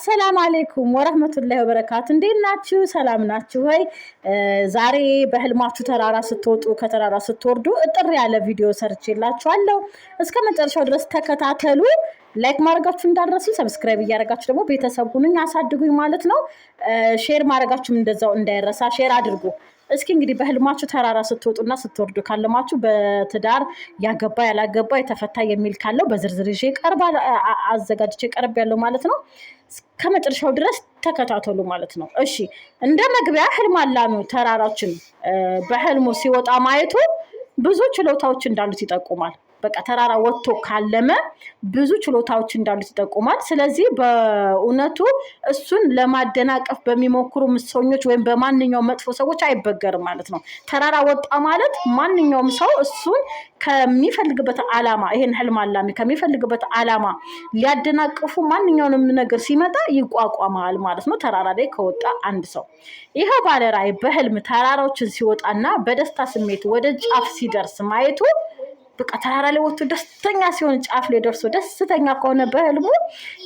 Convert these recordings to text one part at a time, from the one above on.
አሰላም አሌይኩም ወረህመቱላሂ ወበረካቱ። እንዴት ናችሁ? ሰላም ናችሁ ወይ? ዛሬ በህልማችሁ ተራራ ስትወጡ ከተራራ ስትወርዱ እጥር ያለ ቪዲዮ ሰርቼላችኋለሁ። እስከ መጨረሻው ድረስ ተከታተሉ። ላይክ ማድረጋችሁ እንዳትረሱ፣ ሰብስክራይብ እያደረጋችሁ ደግሞ ቤተሰብ ሁኑኝ፣ አሳድጉኝ ማለት ነው። ሼር ማድረጋችሁም እንደዛው እንዳይረሳ፣ ሼር አድርጉ። እስኪ እንግዲህ በህልማችሁ ተራራ ስትወጡና ስትወርዱ ካለማችሁ በትዳር ያገባ ያላገባ የተፈታ የሚል ካለው በዝርዝር ይዤ ቀርባ አዘጋጅቼ ቀርብ ያለው ማለት ነው። ከመጨረሻው ድረስ ተከታተሉ ማለት ነው። እሺ እንደ መግቢያ ህልም አላሚው ተራራችን በህልሙ ሲወጣ ማየቱ ብዙ ችሎታዎች እንዳሉት ይጠቁማል። በቃ ተራራ ወጥቶ ካለመ ብዙ ችሎታዎች እንዳሉት ይጠቁማል። ስለዚህ በእውነቱ እሱን ለማደናቀፍ በሚሞክሩ ምሰኞች ወይም በማንኛውም መጥፎ ሰዎች አይበገርም ማለት ነው። ተራራ ወጣ ማለት ማንኛውም ሰው እሱን ከሚፈልግበት ዓላማ ይሄን ህልም አላሚ ከሚፈልግበት ዓላማ ሊያደናቅፉ ማንኛውንም ነገር ሲመጣ ይቋቋማል ማለት ነው። ተራራ ላይ ከወጣ አንድ ሰው ይኸው ባለራይ በህልም ተራራዎችን ሲወጣና በደስታ ስሜት ወደ ጫፍ ሲደርስ ማየቱ በቃ ተራራ ላይ ወጥቶ ደስተኛ ሲሆን ጫፍ ላይ ደርሶ ደስተኛ ከሆነ በህልሙ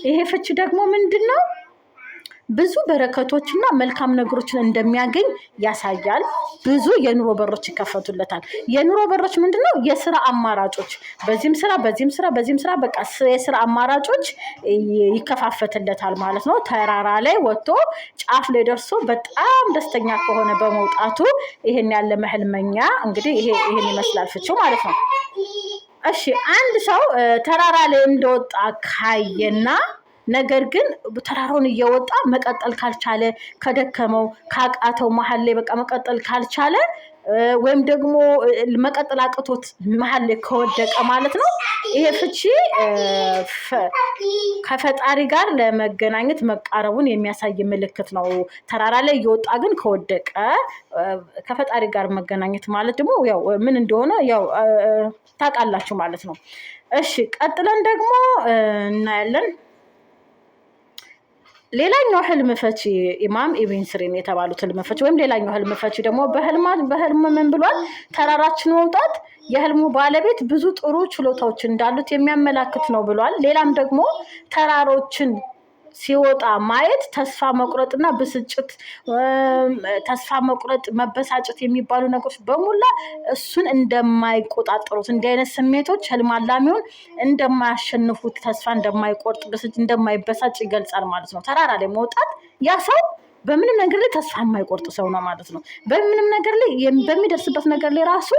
ይሄ ፍቺ ደግሞ ምንድን ነው? ብዙ በረከቶችና መልካም ነገሮችን እንደሚያገኝ ያሳያል። ብዙ የኑሮ በሮች ይከፈቱለታል። የኑሮ በሮች ምንድነው? የስራ አማራጮች በዚህም ስራ በዚህም ስራ በዚህም ስራ በቃ የስራ አማራጮች ይከፋፈትለታል ማለት ነው። ተራራ ላይ ወጥቶ ጫፍ ላይ ደርሶ በጣም ደስተኛ ከሆነ በመውጣቱ ይሄን ያለ መህልመኛ እንግዲህ ይሄን ይመስላል ፍቺው ማለት ነው። እሺ አንድ ሰው ተራራ ላይ እንደወጣ ካየና ነገር ግን ተራሮን እየወጣ መቀጠል ካልቻለ ከደከመው ካቃተው መሀል ላይ በቃ መቀጠል ካልቻለ ወይም ደግሞ መቀጠል አቅቶት መሀል ላይ ከወደቀ ማለት ነው ይሄ ፍቺ ከፈጣሪ ጋር ለመገናኘት መቃረቡን የሚያሳይ ምልክት ነው። ተራራ ላይ እየወጣ ግን ከወደቀ ከፈጣሪ ጋር መገናኘት ማለት ደግሞ ያው ምን እንደሆነ ያው ታውቃላችሁ ማለት ነው። እሺ ቀጥለን ደግሞ እናያለን። ሌላኛው ህልም ፈቺ ኢማም ኢብን ስሪን የተባሉት ህልም ፈቺ ወይም ሌላኛው ህልም ፈቺ ደግሞ በህልም ምን ብሏል? ተራራችን መውጣት የህልሙ ባለቤት ብዙ ጥሩ ችሎታዎች እንዳሉት የሚያመላክት ነው ብሏል። ሌላም ደግሞ ተራሮችን ሲወጣ ማየት ተስፋ መቁረጥና ብስጭት፣ ተስፋ መቁረጥ፣ መበሳጨት የሚባሉ ነገሮች በሙላ እሱን እንደማይቆጣጠሩት እንዲህ አይነት ስሜቶች ህልም አላሚውን እንደማያሸንፉት፣ ተስፋ እንደማይቆርጥ፣ ብስጭት እንደማይበሳጭ ይገልጻል ማለት ነው። ተራራ ላይ መውጣት ያ ሰው በምንም ነገር ላይ ተስፋ የማይቆርጥ ሰው ነው ማለት ነው። በምንም ነገር ላይ በሚደርስበት ነገር ላይ ራሱ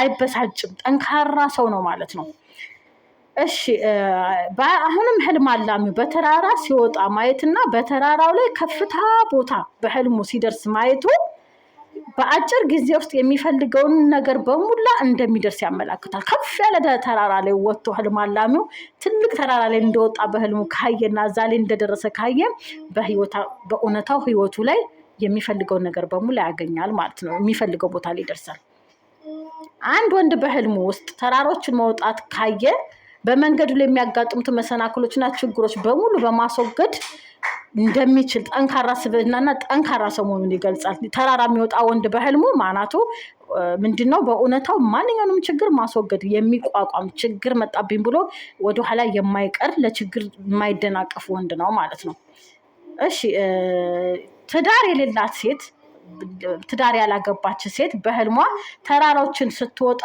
አይበሳጭም፣ ጠንካራ ሰው ነው ማለት ነው። እሺ አሁንም ህልም አላሚው በተራራ ሲወጣ ማየትና በተራራው ላይ ከፍታ ቦታ በህልሙ ሲደርስ ማየቱ በአጭር ጊዜ ውስጥ የሚፈልገውን ነገር በሙላ እንደሚደርስ ያመላክታል። ከፍ ያለ ተራራ ላይ ወጥቶ ህልም አላሚው ትልቅ ተራራ ላይ እንደወጣ በህልሙ ካየና እዛ ላይ እንደደረሰ ካየ በእውነታው ህይወቱ ላይ የሚፈልገውን ነገር በሙላ ያገኛል ማለት ነው። የሚፈልገው ቦታ ላይ ይደርሳል። አንድ ወንድ በህልሙ ውስጥ ተራሮችን መውጣት ካየ በመንገዱ ላይ የሚያጋጥሙት መሰናክሎችና ችግሮች በሙሉ በማስወገድ እንደሚችል ጠንካራ ስብዕናና ጠንካራ ሰው መሆኑን ይገልጻል። ተራራ የሚወጣ ወንድ በህልሙ ማናቱ ምንድን ነው? በእውነታው ማንኛውንም ችግር ማስወገድ የሚቋቋም ችግር መጣብኝ ብሎ ወደኋላ የማይቀር ለችግር የማይደናቀፍ ወንድ ነው ማለት ነው። እሺ ትዳር የሌላት ሴት ትዳር ያላገባች ሴት በህልሟ ተራራዎችን ስትወጣ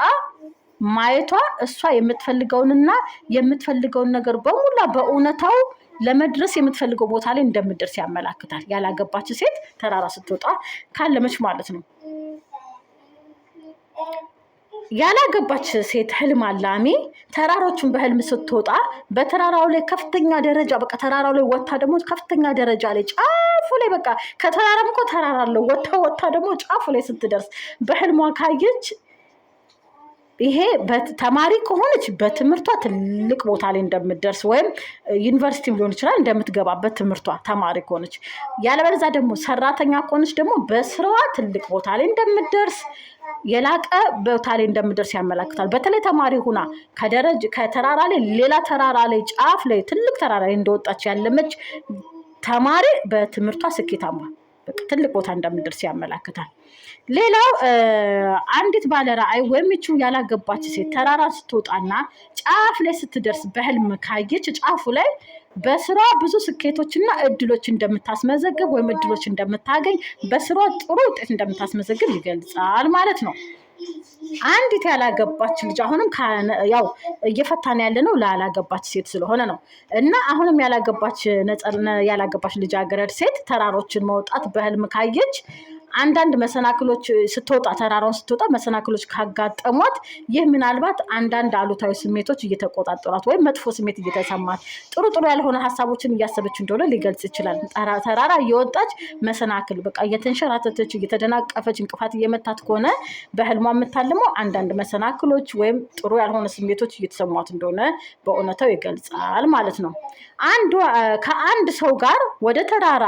ማየቷ እሷ የምትፈልገውንና የምትፈልገውን ነገር በሙላ በእውነታው ለመድረስ የምትፈልገው ቦታ ላይ እንደምደርስ ያመላክታል። ያላገባች ሴት ተራራ ስትወጣ ካለመች ማለት ነው። ያላገባች ሴት ህልም አላሚ ተራሮቹን በህልም ስትወጣ በተራራው ላይ ከፍተኛ ደረጃ በቃ ተራራው ላይ ወታ ደግሞ ከፍተኛ ደረጃ ላይ ጫፉ ላይ በቃ ከተራራም እኮ ተራራ አለው ወታ ወታ ደግሞ ጫፉ ላይ ስትደርስ በህልሟ ካየች ይሄ ተማሪ ከሆነች በትምህርቷ ትልቅ ቦታ ላይ እንደምትደርስ ወይም ዩኒቨርሲቲ ሊሆን ይችላል እንደምትገባበት ትምህርቷ ተማሪ ከሆነች፣ ያለበለዛ ደግሞ ሰራተኛ ከሆነች ደግሞ በስራዋ ትልቅ ቦታ ላይ እንደምትደርስ የላቀ ቦታ ላይ እንደምደርስ ያመላክታል። በተለይ ተማሪ ሁና ከደረጅ ከተራራ ላይ ሌላ ተራራ ላይ ጫፍ ላይ ትልቅ ተራራ ላይ እንደወጣች ያለመች ተማሪ በትምህርቷ ስኬታማ ትልቅ ቦታ እንደምንደርስ ያመላክታል። ሌላው አንዲት ባለራአይ ወይም ይቺ ያላገባች ሴት ተራራ ስትወጣና ጫፍ ላይ ስትደርስ በህልም ካየች ጫፉ ላይ በስራ ብዙ ስኬቶችና እድሎች እንደምታስመዘግብ ወይም እድሎች እንደምታገኝ በስራ ጥሩ ውጤት እንደምታስመዘግብ ይገልጻል ማለት ነው። አንዲት ያላገባች ልጅ አሁንም ያው እየፈታን ያለ ነው ላላገባች ሴት ስለሆነ ነው። እና አሁንም ያላገባች ያላገባች ልጃገረድ ሴት ተራሮችን መውጣት በህልም ካየች አንዳንድ መሰናክሎች ስትወጣ ተራራውን ስትወጣ መሰናክሎች ካጋጠሟት ይህ ምናልባት አንዳንድ አሉታዊ ስሜቶች እየተቆጣጠሯት ወይም መጥፎ ስሜት እየተሰማት ጥሩ ጥሩ ያልሆነ ሀሳቦችን እያሰበች እንደሆነ ሊገልጽ ይችላል። ተራራ እየወጣች መሰናክል በቃ እየተንሸራተተች እየተደናቀፈች እንቅፋት እየመታት ከሆነ በህልሟ የምታልመው አንዳንድ መሰናክሎች ወይም ጥሩ ያልሆነ ስሜቶች እየተሰሟት እንደሆነ በእውነታው ይገልጻል ማለት ነው። አንዱ ከአንድ ሰው ጋር ወደ ተራራ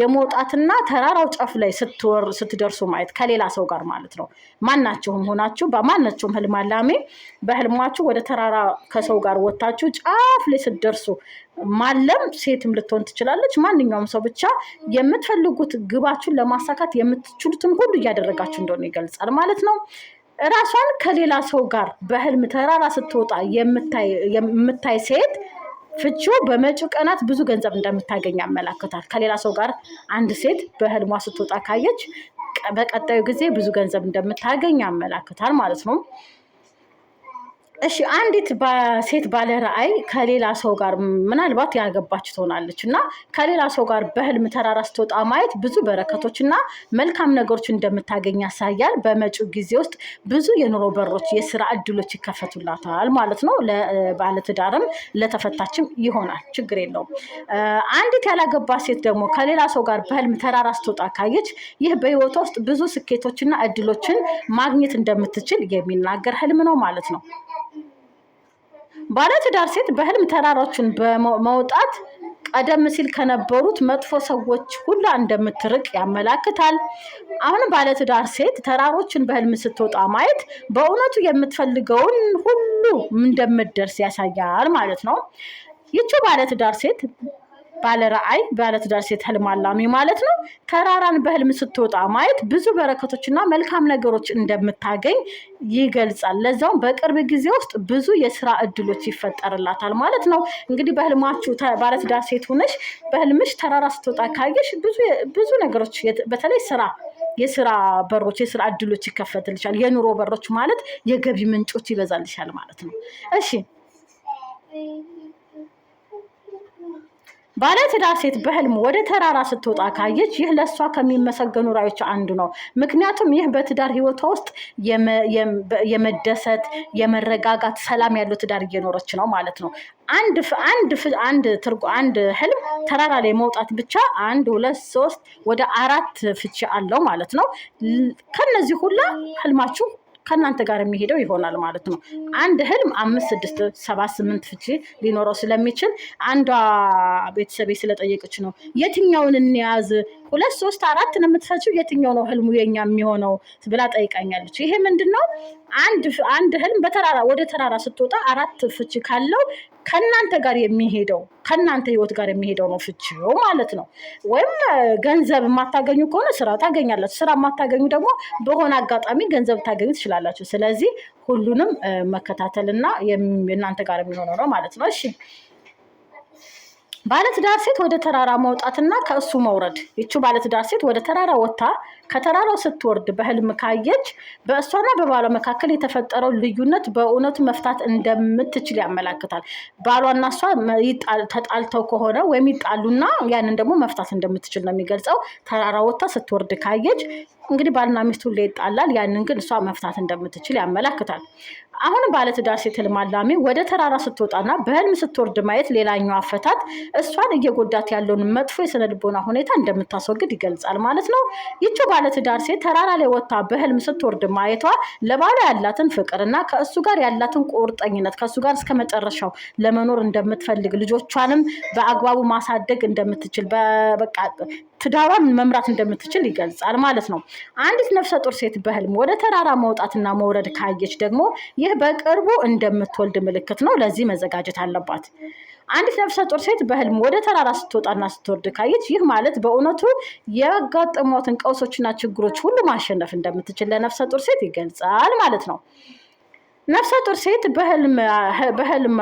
የመውጣትና ተራራው ጫፍ ላይ ስትደርሱ ማየት ከሌላ ሰው ጋር ማለት ነው። ማናቸውም ሆናችሁ በማናቸውም ህልም አላሜ በህልማችሁ ወደ ተራራ ከሰው ጋር ወታችሁ ጫፍ ላይ ስትደርሱ ማለም፣ ሴትም ልትሆን ትችላለች። ማንኛውም ሰው ብቻ የምትፈልጉት ግባችሁን ለማሳካት የምትችሉትን ሁሉ እያደረጋችሁ እንደሆነ ይገልጻል ማለት ነው። ራሷን ከሌላ ሰው ጋር በህልም ተራራ ስትወጣ የምታይ ሴት ፍቺው በመጪው ቀናት ብዙ ገንዘብ እንደምታገኝ ያመላክታል። ከሌላ ሰው ጋር አንድ ሴት በህልሟ ስትወጣ ካየች በቀጣዩ ጊዜ ብዙ ገንዘብ እንደምታገኝ ያመላክታል ማለት ነው። እሺ አንዲት ሴት ባለ ራዕይ ከሌላ ሰው ጋር ምናልባት ያገባች ትሆናለች እና ከሌላ ሰው ጋር በህልም ተራራ ስትወጣ ማየት ብዙ በረከቶች እና መልካም ነገሮች እንደምታገኝ ያሳያል። በመጪው ጊዜ ውስጥ ብዙ የኑሮ በሮች፣ የስራ እድሎች ይከፈቱላታል ማለት ነው። ለባለትዳርም ለተፈታችም ይሆናል፣ ችግር የለውም። አንዲት ያላገባ ሴት ደግሞ ከሌላ ሰው ጋር በህልም ተራራ ስትወጣ ካየች ይህ በህይወቷ ውስጥ ብዙ ስኬቶችና እድሎችን ማግኘት እንደምትችል የሚናገር ህልም ነው ማለት ነው። ባለትዳር ሴት በህልም ተራሮችን በመውጣት ቀደም ሲል ከነበሩት መጥፎ ሰዎች ሁላ እንደምትርቅ ያመላክታል። አሁንም ባለትዳር ሴት ተራሮችን በህልም ስትወጣ ማየት በእውነቱ የምትፈልገውን ሁሉ እንደምትደርስ ያሳያል ማለት ነው። ይቺ ባለትዳር ሴት ባለ ራዕይ ባለትዳር ሴት ህልም አላሚ ማለት ነው። ተራራን በህልም ስትወጣ ማየት ብዙ በረከቶችና መልካም ነገሮች እንደምታገኝ ይገልጻል። ለዛውም በቅርብ ጊዜ ውስጥ ብዙ የስራ እድሎች ይፈጠርላታል ማለት ነው። እንግዲህ በህልማችሁ ባለትዳር ሴት ሆነሽ በህልምሽ ተራራ ስትወጣ ካየሽ ብዙ ነገሮች በተለይ ስራ የስራ በሮች የስራ እድሎች ይከፈትልሻል። የኑሮ በሮች ማለት የገቢ ምንጮች ይበዛልሻል ማለት ነው። እሺ ባለትዳር ሴት በህልም ወደ ተራራ ስትወጣ ካየች ይህ ለእሷ ከሚመሰገኑ ራዮች አንዱ ነው። ምክንያቱም ይህ በትዳር ህይወቷ ውስጥ የመደሰት፣ የመረጋጋት፣ ሰላም ያለው ትዳር እየኖረች ነው ማለት ነው። አንድ አንድ ትርጉ አንድ ህልም ተራራ ላይ መውጣት ብቻ አንድ ሁለት ሶስት ወደ አራት ፍቺ አለው ማለት ነው። ከነዚህ ሁላ ህልማችሁ ከእናንተ ጋር የሚሄደው ይሆናል ማለት ነው። አንድ ህልም አምስት፣ ስድስት፣ ሰባት፣ ስምንት ፍቺ ሊኖረው ስለሚችል አንዷ ቤተሰቤ ስለጠየቀች ነው የትኛውን እንያዝ ሁለት ሶስት አራት ነው የምትፈችው፣ የትኛው ነው ህልሙ የኛ የሚሆነው ብላ ጠይቃኛለች። ይሄ ምንድን ነው? አንድ ህልም በተራራ ወደ ተራራ ስትወጣ አራት ፍቺ ካለው ከእናንተ ጋር የሚሄደው ከእናንተ ህይወት ጋር የሚሄደው ነው ፍቺው ማለት ነው። ወይም ገንዘብ የማታገኙ ከሆነ ስራ ታገኛላችሁ። ስራ የማታገኙ ደግሞ በሆነ አጋጣሚ ገንዘብ ታገኙ ትችላላችሁ። ስለዚህ ሁሉንም መከታተልና እናንተ ጋር የሚሆነው ነው ማለት ነው። እሺ ባለትዳር ሴት ወደ ተራራ መውጣትና ከእሱ መውረድ። ይቺ ባለትዳር ሴት ወደ ተራራ ወጥታ ከተራራው ስትወርድ በህልም ካየች በእሷና በባሏ መካከል የተፈጠረው ልዩነት በእውነቱ መፍታት እንደምትችል ያመላክታል። ባሏና እሷ ተጣልተው ከሆነ ወይም ይጣሉና ያንን ደግሞ መፍታት እንደምትችል ነው የሚገልጸው። ተራራ ወጥታ ስትወርድ ካየች እንግዲህ ባልና ሚስቱ ላይ ይጣላል። ያንን ግን እሷ መፍታት እንደምትችል ያመላክታል። አሁንም ባለትዳር ሴት ልማላሜ ወደ ተራራ ስትወጣና በህልም ስትወርድ ማየት ሌላኛው አፈታት እሷን እየጎዳት ያለውን መጥፎ የስነ ልቦና ሁኔታ እንደምታስወግድ ይገልጻል ማለት ነው። ይቺ ባለትዳር ሴት ተራራ ላይ ወጥታ በህልም ስትወርድ ማየቷ ለባሏ ያላትን ፍቅር እና ከእሱ ጋር ያላትን ቁርጠኝነት ከእሱ ጋር እስከ መጨረሻው ለመኖር እንደምትፈልግ ልጆቿንም በአግባቡ ማሳደግ እንደምትችል በቃ ትዳሯን መምራት እንደምትችል ይገልጻል ማለት ነው። አንዲት ነፍሰ ጡር ሴት በህልም ወደ ተራራ መውጣትና መውረድ ካየች ደግሞ ይህ በቅርቡ እንደምትወልድ ምልክት ነው። ለዚህ መዘጋጀት አለባት። አንዲት ነፍሰ ጡር ሴት በህልም ወደ ተራራ ስትወጣና ስትወርድ ካየች ይህ ማለት በእውነቱ ያጋጠሟትን ቀውሶችና ችግሮች ሁሉ ማሸነፍ እንደምትችል ለነፍሰ ጡር ሴት ይገልጻል ማለት ነው። ነፍሰ ጡር ሴት በህልም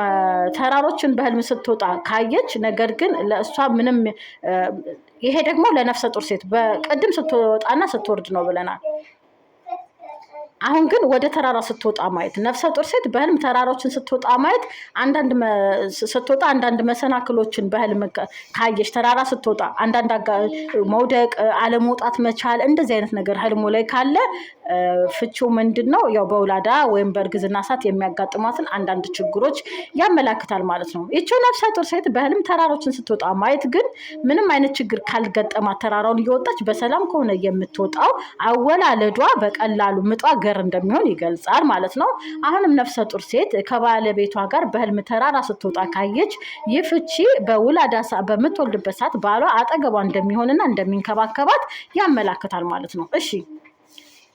ተራሮችን በህልም ስትወጣ ካየች፣ ነገር ግን ለእሷ ምንም ይሄ ደግሞ ለነፍሰ ጡር ሴት በቅድም ስትወጣና ስትወርድ ነው ብለናል። አሁን ግን ወደ ተራራ ስትወጣ ማየት ነፍሰ ጡር ሴት በህልም ተራራዎችን ስትወጣ ማየት አንዳንድ ስትወጣ አንዳንድ መሰናክሎችን በህልም ካየሽ ተራራ ስትወጣ አንዳንድ መውደቅ፣ አለመውጣት መቻል እንደዚህ አይነት ነገር ህልሙ ላይ ካለ ፍቺው ምንድን ነው? ያው በውላዳ ወይም በእርግዝና ሰዓት የሚያጋጥሟትን አንዳንድ ችግሮች ያመላክታል ማለት ነው። ይቺው ነፍሰ ጡር ሴት በህልም ተራሮችን ስትወጣ ማየት ግን ምንም አይነት ችግር ካልገጠማት ተራራውን እየወጣች በሰላም ከሆነ የምትወጣው አወላለዷ በቀላሉ ምጧ ገር እንደሚሆን ይገልጻል ማለት ነው። አሁንም ነፍሰ ጡር ሴት ከባለቤቷ ጋር በህልም ተራራ ስትወጣ ካየች ይህ ፍቺ በውላዳ በምትወልድበት ሰዓት ባሏ አጠገቧ እንደሚሆንና እንደሚንከባከባት ያመላክታል ማለት ነው። እሺ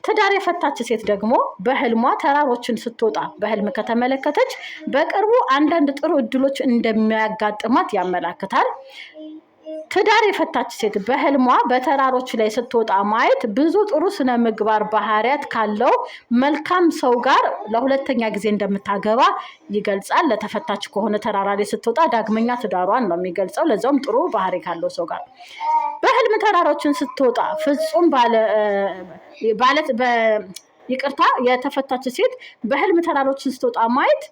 ትዳር የፈታች ሴት ደግሞ በህልሟ ተራሮችን ስትወጣ በህልም ከተመለከተች በቅርቡ አንዳንድ ጥሩ እድሎች እንደሚያጋጥማት ያመላክታል። ትዳር የፈታች ሴት በህልሟ በተራሮች ላይ ስትወጣ ማየት ብዙ ጥሩ ስነ ምግባር ባህሪያት ካለው መልካም ሰው ጋር ለሁለተኛ ጊዜ እንደምታገባ ይገልጻል። ለተፈታች ከሆነ ተራራ ላይ ስትወጣ ዳግመኛ ትዳሯን ነው የሚገልጸው። ለዛውም ጥሩ ባህሪ ካለው ሰው ጋር በህልም ተራሮችን ስትወጣ ፍጹም ባለ ይቅርታ የተፈታች ሴት በህልም ተራሮችን ስትወጣ ማየት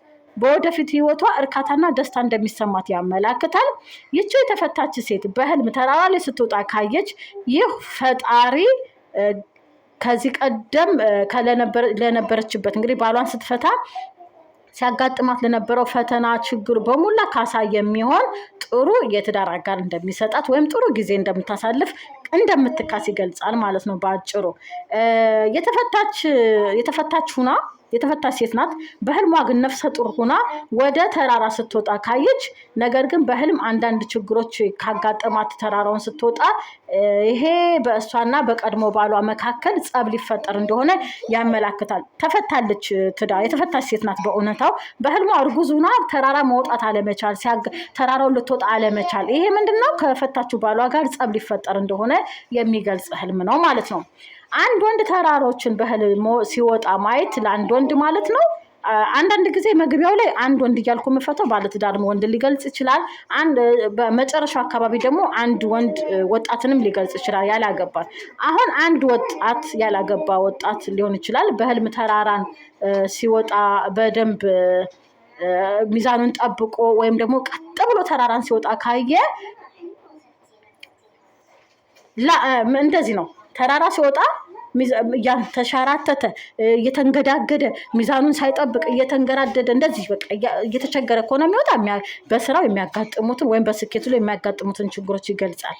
በወደፊት ህይወቷ እርካታና ደስታ እንደሚሰማት ያመላክታል። ይቺ የተፈታች ሴት በህልም ተራራ ላይ ስትወጣ ካየች ይህ ፈጣሪ ከዚህ ቀደም ለነበረችበት እንግዲህ ባሏን ስትፈታ ሲያጋጥማት ለነበረው ፈተና ችግሩ በሙላ ካሳ የሚሆን ጥሩ የትዳር አጋር እንደሚሰጣት ወይም ጥሩ ጊዜ እንደምታሳልፍ እንደምትካስ ይገልጻል ማለት ነው። በአጭሩ የተፈታች ሁና የተፈታች ሴት ናት። በህልሟ ግን ነፍሰ ጡር ሆና ወደ ተራራ ስትወጣ ካየች፣ ነገር ግን በህልም አንዳንድ ችግሮች ካጋጠማት ተራራውን ስትወጣ ይሄ በእሷና በቀድሞ ባሏ መካከል ጸብ ሊፈጠር እንደሆነ ያመላክታል። ተፈታለች ትዳ የተፈታች ሴት ናት። በእውነታው በህልሟ እርጉዝ ሆና ተራራ መውጣት አለመቻል፣ ተራራውን ልትወጣ አለመቻል፣ ይሄ ምንድነው ከፈታችሁ ባሏ ጋር ጸብ ሊፈጠር እንደሆነ የሚገልጽ ህልም ነው ማለት ነው። አንድ ወንድ ተራሮችን በህልም ሲወጣ ማየት ለአንድ ወንድ ማለት ነው። አንዳንድ ጊዜ መግቢያው ላይ አንድ ወንድ እያልኩ የምፈተው ባለትዳርም ወንድ ሊገልጽ ይችላል። በመጨረሻው አካባቢ ደግሞ አንድ ወንድ ወጣትንም ሊገልጽ ይችላል። ያላገባት አሁን አንድ ወጣት ያላገባ ወጣት ሊሆን ይችላል። በህልም ተራራን ሲወጣ በደንብ ሚዛኑን ጠብቆ ወይም ደግሞ ቀጥ ብሎ ተራራን ሲወጣ ካየ እንደዚህ ነው ተራራ ሲወጣ እያተሻራተተ እየተንገዳገደ ሚዛኑን ሳይጠብቅ እየተንገዳደደ እንደዚህ በቃ እየተቸገረ ከሆነ የሚወጣ በስራው የሚያጋጥሙትን ወይም በስኬቱ ላይ የሚያጋጥሙትን ችግሮች ይገልጻል።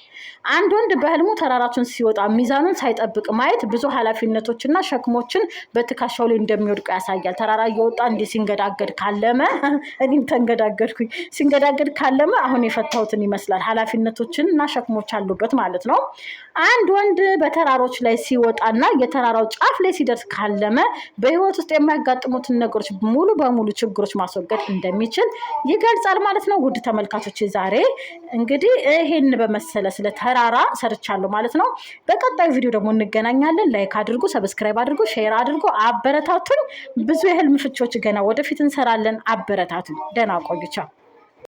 አንድ ወንድ በህልሙ ተራራቱን ሲወጣ ሚዛኑን ሳይጠብቅ ማየት ብዙ ኃላፊነቶችና ሸክሞችን በትከሻው ላይ እንደሚወድቁ ያሳያል። ተራራ እየወጣ እንዲህ ሲንገዳገድ ካለመ እኔም ተንገዳገድኩኝ ሲንገዳገድ ካለመ አሁን የፈታሁትን ይመስላል። ኃላፊነቶችን እና ሸክሞች አሉበት ማለት ነው። አንድ ወንድ በተራሮች ላይ ሲወጣ እና የተራራው ጫፍ ላይ ሲደርስ ካለመ በህይወት ውስጥ የማያጋጥሙትን ነገሮች ሙሉ በሙሉ ችግሮች ማስወገድ እንደሚችል ይገልጻል ማለት ነው። ውድ ተመልካቾች ዛሬ እንግዲህ ይሄን በመሰለ ስለ ተራራ ሰርቻለሁ ማለት ነው። በቀጣዩ ቪዲዮ ደግሞ እንገናኛለን። ላይክ አድርጉ፣ ሰብስክራይብ አድርጉ፣ ሼር አድርጉ፣ አበረታቱን። ብዙ የህልም ፍቾች ገና ወደፊት እንሰራለን። አበረታቱን። ደህና ቆዩ።